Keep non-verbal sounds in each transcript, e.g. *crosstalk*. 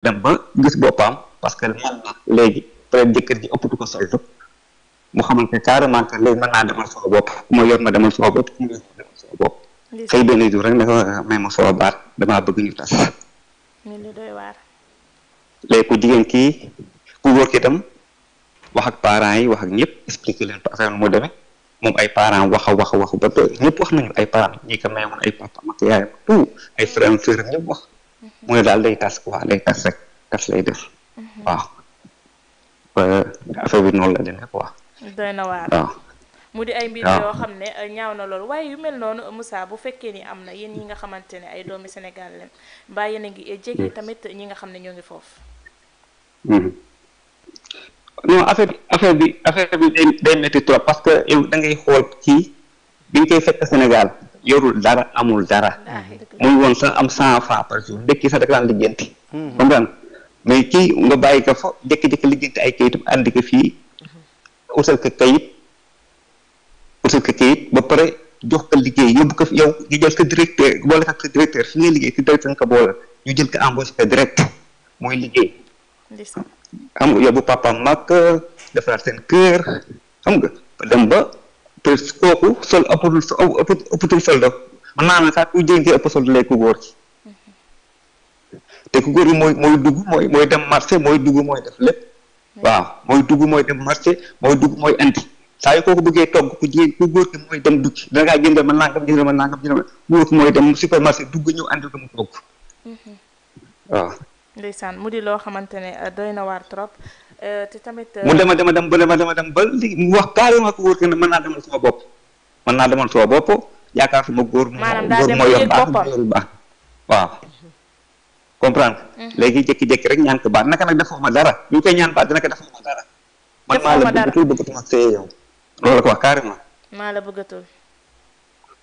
dem ba gis boppam parce que léegi peut-être jëkkër ëppatu ko soltu mu xamal que carrément que léegi ma yor ma ma yor ma demal sama rek ne ko may damaa bëgg ñu tas léegi ku jigéen kii ku góor ki itam wax ak parents yi wax ak ñëpp expliqué leen affaire mu moom ay parent wax a wax a wax ba ñëpp wax nañu ay parents ñi ko mayoon ay papa ak yaayam tout ay frères wax mooy ne daal day tas quoi day tas rek tas lay def mhm. waaw affaire bi noonu la demee quoi doy na waar mu di ay mbir yoo xam ne euh, ñaaw na loolu waaye yu mel noonu Moussa bu fekkee ni am na yéen ñi nga xamante ne ay doomi senegal leen mbaa yéen a ngi jege mm. tamit ñi nga xam ne ñoo ngi foofu mm-hmm. non affaire affaire bi affaire bi day day métti trop parce que yow da ngay xool kii bi ñu koy fekk Sénégal yorul dara amul dara ah, muy woon sax am cent francs par jour dëkk sax daka daan lijjanti hmm. comprendre mais kii nga bàyyi ko fa jékki-jékki lijjanti ay kayitam andi ko fii hmm. utal ko kayit utal ko kayit ba pare jox ko liggéey yóbbu ko yow ñu jël ko directeur boole ko directeur fi ngay liggéey ki directeur nga ko boole ñu jël ko embauché ko direct mooy liggéey xam nga yóbbu papa mag defaraat seen kër xam nga dem ba te kooku sol ëppatul ëppatul sol daf mën naa ne sax ku jigéen ki ëpp sol lay ku góor ci te ku góor yi mooy mooy dugg mooy mooy dem marché mooy dugg mooy def waaw mooy dugg mooy dem marché mooy dugg mooy indi saa yu kooku bëggee togg ku jigéen ku góor ki mooy dem dugg dana ngaa jëndal ma nangam jëndal ma nangam jëndal ma góor ki mooy dem supermarché dugg ñëw andi ko mu togg mhm. waaw ne eh, doy na waar trop Euh, te tamit. Euh, mu dema dema dem ba dema dema dem ba léegi mu wax carrément ko wóor que ne mën naa demal sama bopp mën naa demal sama bopp yaakaar sama góor. maanaam daa dem góor moo baax waaw. comprendre mm-hmm. léegi jékki-jékki rek ñaan ko baat naka nag defoo ma dara ñu koy ñaan baat dina ko defoo ma dara. man maa la bëggatul bëggatuma sëy yow. loolu la ko wax carrément. maa la bëggatul.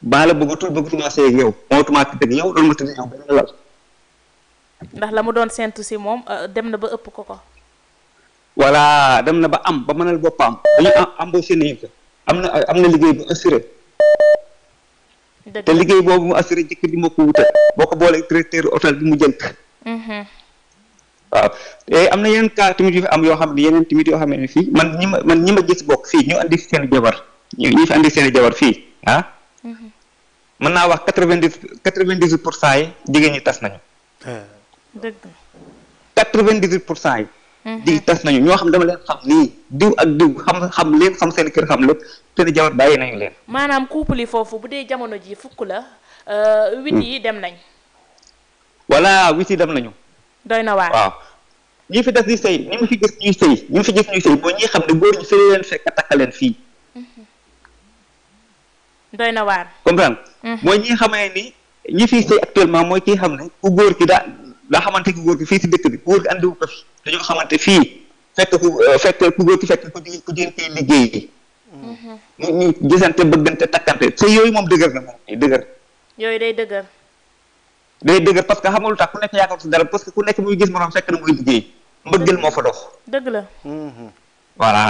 maa la bëggatul bëggatuma sëy yow. mootuma tëdd yow doon ma tëdd yow benn lal. ndax la mu doon séntu si moom euh, dem na ba ëpp ko ko. voilà dem na ba am ba mënal boppam dañu embauché nañu ko am na am na liggéey bu assuré te liggéey boobu mu assuré jëkk bi ma ko wutal boo ko boolee directeur hôtel bi mu jënd mhm. waaw te am na yeneen cas tamit yu fi am yoo xam ne yeneen tamit yoo xam ne fii man ñi ma man gis bokk fii ñu andi seen jabar ñu ñu fi andi seen jabar fii ah mhm. mën naa wax quatre-vingt-dix quatre-vingt-dix pour cent yi jigéen ñi tas nañu eh. quatre-vingt-dix pour cent yi Mhm. di tas nañu ñoo xam dama leen xam nii diw ak diw xam xam leen xam seen kër xam lépp te ni jabar bàyyi nañu leen. maanaam couple yi foofu bu dee jamono ji fukk la huit euh, hmm. yi dem nañ. voilà huit yi dem nañu. doy na waar waaw. ñi fi des di sëy ñi mu fi gis ñuy sëy mooy ñi xam ne góor ñi fi leen fekk takk leen fii. Mhm. doy na waar. comprendre mhm. mooy ñi xamee ni ñi fiy sëy actuellement mooy kii xam ne ku góor ki daa daa xamante ku góor ki fii si dëkk bi ku góor ki andiwu ko dañoo xamante fii fekk ku euh, fekk ku góor ki fekk ku jigéen ku jigéen kay liggéey mm-hmm. ñu ñu gisante bëggante takkante sëy yooyu moom dëgër na moom dëgër yooyu day dëgër day dëgër parce que xamul tax ku nekk yaakaar si dara parce que ku nekk muy gis moroom fekk na muy liggéey mbëggeel moo fa dox dëgg la mm-hmm. voilà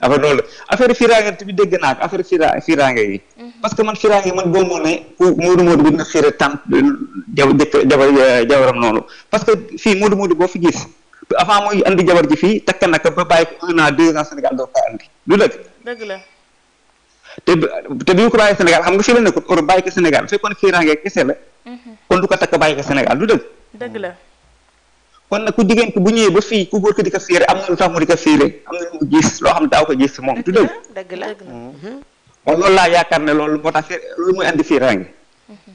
affaire loolu affaire fiiraange tamit naa ko affaire fiiraange yi mm-hmm. parce que man fiiraange man boo moo ne ku Moodu Moodu bi dina fiira tànn jabar jabaram euh, noonu parce que fii Moodu Moodu avant muy indi jabar ji fii takk naka ba bàyyi ko un an deux ans Sénégal doo ko andi bi ko bàyyi xam nga fii la ko Sénégal fekkoon fiiraange kese la. kon du ko takk bàyyi ko Sénégal lu dëgg. dëgg la. kon nag ku jigéen bu ñëwee ba fii ku góor ki di ko fiire am na lu tax mu di ko fiire am na lu mu gis loo xam ne daaw ko gis moom du dëgg. dëgg la mm-hmm. loolu laa yaakaar ne loolu moo tax lu muy andi fiiraange. Mm-hmm.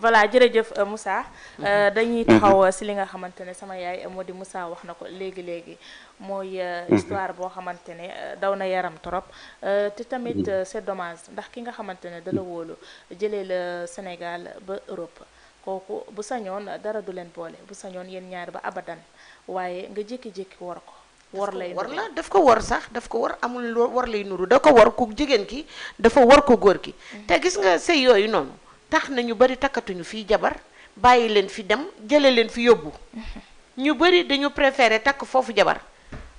voilà jërëjëf euh, Moussa. Mhm. Euh, dañuy mhm. taxaw euh, si li nga xamante ne sama yaay moo di Moussa wax na ko léegi léegi. mooy mhm. histoire boo xamante ne daw na yaram trop. te tamit c'est dommage ndax ki nga xamante ne dala wóolu jëlee la Sénégal ba Europe. kooku bu sa ñoon dara du leen boole bu ñoon yéen ñaar ba abadan waaye nga jékki-jékki war ko. war lay war la ko war sax daf ko war amul war lay nuru da ko war ku jigéen ki dafa war ko góor ki. te gis nga sëy yooyu noonu. tax na ñu bari takkatuñu fii jabar bàyyi leen fi dem jële leen fi yóbbu *laughs* ñu bari dañu préféré takk foofu jabar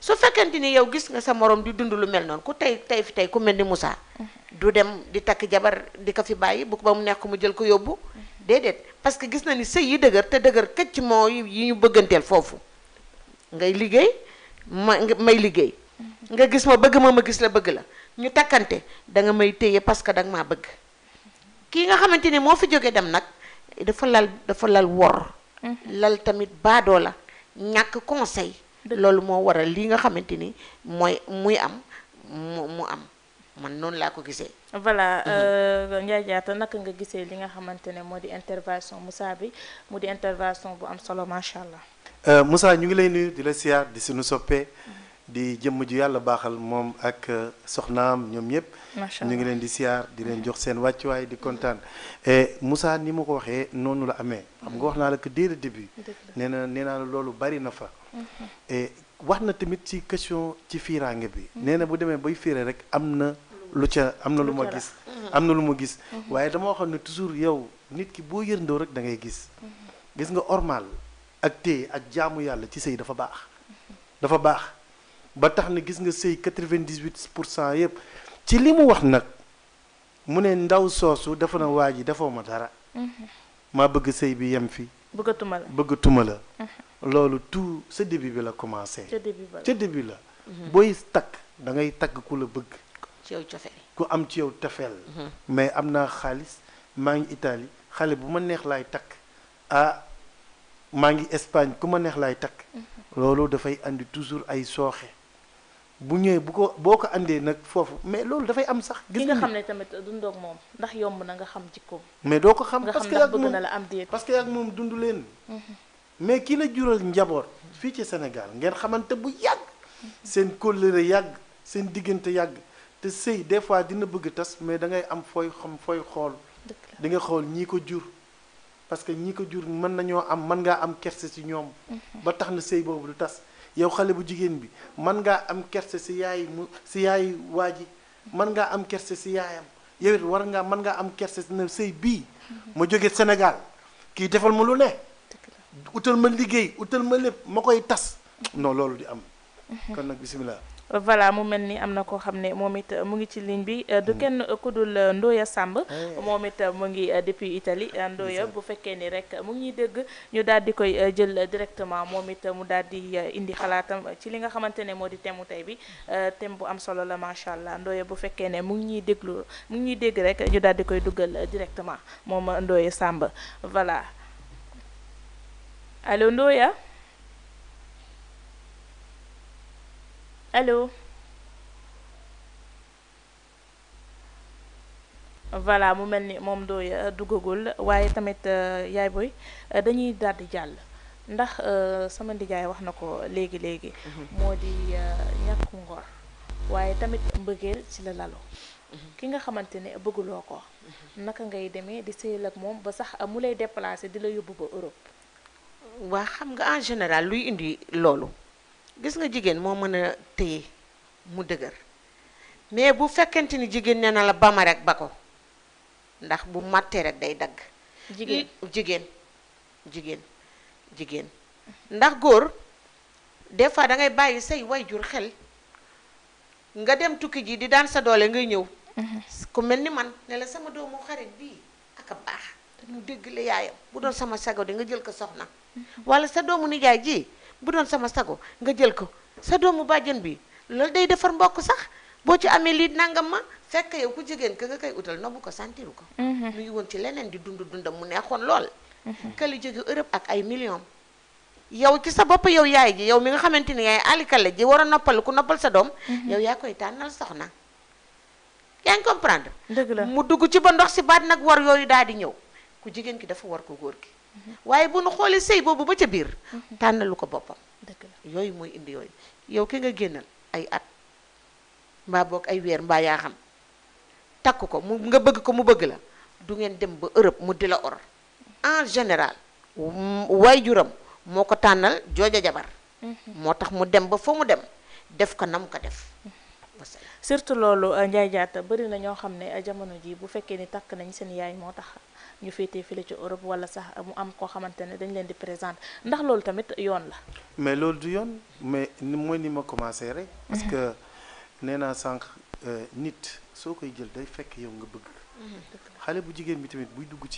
su fekkente ni yow gis nga sa morom di dund lu mel noonu ku tey tey fi tey ku mel ni Moussa *laughs* du dem di takk jabar di ko fi bàyyi bu ba mu neex ko mu jël ko yóbbu *laughs* déedéet parce que gis na ni sëy yi dëgër te dëgër këcc moo yi ñu bëgganteel foofu ngay liggéey ma may liggéey nga gis ma bëgg ma ma gis la bëgg la ñu takkante da nga may téye parce que da maa bëgg kii nga xamante ni moo fi jógee dem nag dafa lal dafa lal wor mhm. lal tamit baadoo la ñàkk conseil loolu moo waral li nga xamante ni mooy muy am mu mu am man noonu laa ko gisee voilà mhm. euh, Ndiaye Diatta naka nga gisee li nga xamante ne moo di intervention Moussa bi mu di intervention bu am solo macha allah euh, Moussa ñu ngi lay nuyu di la siyaar di suñu soppee mhm. di jëmm ju yàlla baaxal moom ak euh, soxnaam ñoom ñëpp. ñu ngi leen di siyaar di leen jox seen wàccuwaay di kontaan. musaa ni ma ko waxee noonu la amee. xam nga wax naa la que dès le nee na nee naa la loolu bari na fa. Mhm. wax na tamit ci question ci fiiraange bi. Mhm. nee na bu demee bay fiire rek am na lu ca am na lu ma gis. Mhm. am na lu ma gis. waaye dama waxoon ne toujours yow nit ki boo yërndoo rek dangay ngay gis. gis nga ormal ak téye ak jaamu yàlla ci sëy dafa baax. dafa baax. ba tax na gis nga sëy 98 pour cent yëpp ci li mu wax nag mu ne ndaw soosu dafa na waa ji defoo ma dara mm-hmm. maa bëgg sëy bi yem fi bëggatuma la bëggatuma la mm-hmm. loolu tout sa début bi la commencé ca début la mm-hmm. booy takk da ngay takk ku la bëgg ku am ci yow tefeel mais am na xaalis maa ngi itali xale bu ma neex laay takk ah maa ngi Espagne ku ma neex laay takk loolu dafay andi toujours ay sooxe bu ñëwee bu ko boo ko andee nag foofu mais loolu dafay am sax. gis nga xam ne tamit dundoog moom ndax yomb na nga xam jikkoom. mais doo ko xam parce que ak moom la parce que moom dund leen. Mhm. mais ki la jural njaboot fii ci Sénégal ngeen xamante bu yàgg. seen kóllëre yàgg seen diggante yàgg te sëy des fois dina bëgg tas mais dangay am fooy xam fooy xool. di nga xool ñii ko jur. parce que ñi ko jur mën nañoo am mën ngaa am kerse ci ñoom. Mhm. ba tax na sëy boobu du tas. yow xale bu jigéen bi man ngaa am kerse si yaay mu si yaay waa ji man ngaa am kerse si yaayam yow it war ngaa mën ngaa am kerse na sëy bii ma jóge senegal kii defal ma lu ne utal ma liggéey utal ma lépp ma koy tas no loolu di am mhm. kon nag bisimilah voilà mu mel ni am na koo xam ne moom it mu ngi ci ligne bi euh, du mm. kenn kudul euh, Ndoya Samb moom it euh, mu ngi depuis Italie Ndoya bu fekkee ni rek mu ngi ñuy dégg ñu daal di koy jël directement moom it mu daal di indi xalaatam ci li nga xamante ne moo di thème tey bi thème bu am solo la macha allah bu fekkee ne mu ngi ñuy déglu mu ñuy dégg rek ñu daal di koy dugal directement moom Ndoya Samb voilà allo Ndoya allo voilà mu mel ni moom dooy euh, duggagul waaye tamit euh, yaay booy euh, dañuy daal di jàll ndax sama ndijaay wax na ko léegi léegi. Mhm. moo di ñàkk ngor waaye tamit mbëggeel ci la lalu. Mhm. ki nga xamante ne bëgguloo ko. Mhm. naka ngay deme di sëyal ak moom ba sax mu lay déplacé di la yóbbu ba Europe. waa xam nga en général luy indi loolu. gis nga jigéen moo mën a téye mu dëgër mais bu fekkent ni jigéen nee na la ba ma rek ba ko ndax bu màttee rek day dagg. jigéen jigéen jigéen ndax góor des fois da ngay bàyyi say jur xel nga dem tukki ji di daan sa doole ngay ñëw. Mhm. ku mel ni man ne la sama doomu xarit bii ak a baax dañu dégg la yaayam bu doon sama sago di nga jël ko soxna. Mhm. wala sa doomu nijaay ji. bu doon sama sago nga jël ko sa doomu bàjjen bi loolu day defar mbokk sax boo ci amee lii nangam ma fekk yow ku jigéen ka nga koy utal nobbu ko santiru ko mhm. mu ngi woon ci leneen di dund dundam mu neexoon lool mhm. këli jóge Europe ak ay millions yow ci sa bopp yow yaay ji yow mi nga xamante ni yaay alikale ji war a noppal ku noppal sa doom mhm. yow yaa koy tànnal soxna yaa ngi comprendre dëgg mu dugg ci ba ndox si baat nag war yooyu daal di ñëw ku jigéen ki dafa war ko góor gi waaye bu nu xoolee sëy boobu ba ca biir mhm. tànnalu ko boppam yooyu mooy indi yooyu yow ki nga génnal ay at mbaa boog ay weer mbaa yaa xam takk ko mu nga bëgg ko mu bëgg la du ngeen dem ba Europe mu di la or en général waay juram moo ko tànnal jooja jabar mhm. moo tax mu dem ba fa mu dem def ko nam ko def mhm. surtout loolu euh, Ndiaye Diatta bëri na ñoo xam ne euh, jamono ji bu fekkee ni takk nañ seen yaay moo tax ñu féetee file ci Europe wala sax mu am koo xamante ne dañ leen di présenter ndax loolu tamit yoon la. mais loolu du yoon mais ni mooy ni ma commencé rek. parce que nee naa sànq euh, nit soo koy jël day fekk yow nga bëgg. Mm-hmm. xale bu jigéen bi tamit buy dugg ci.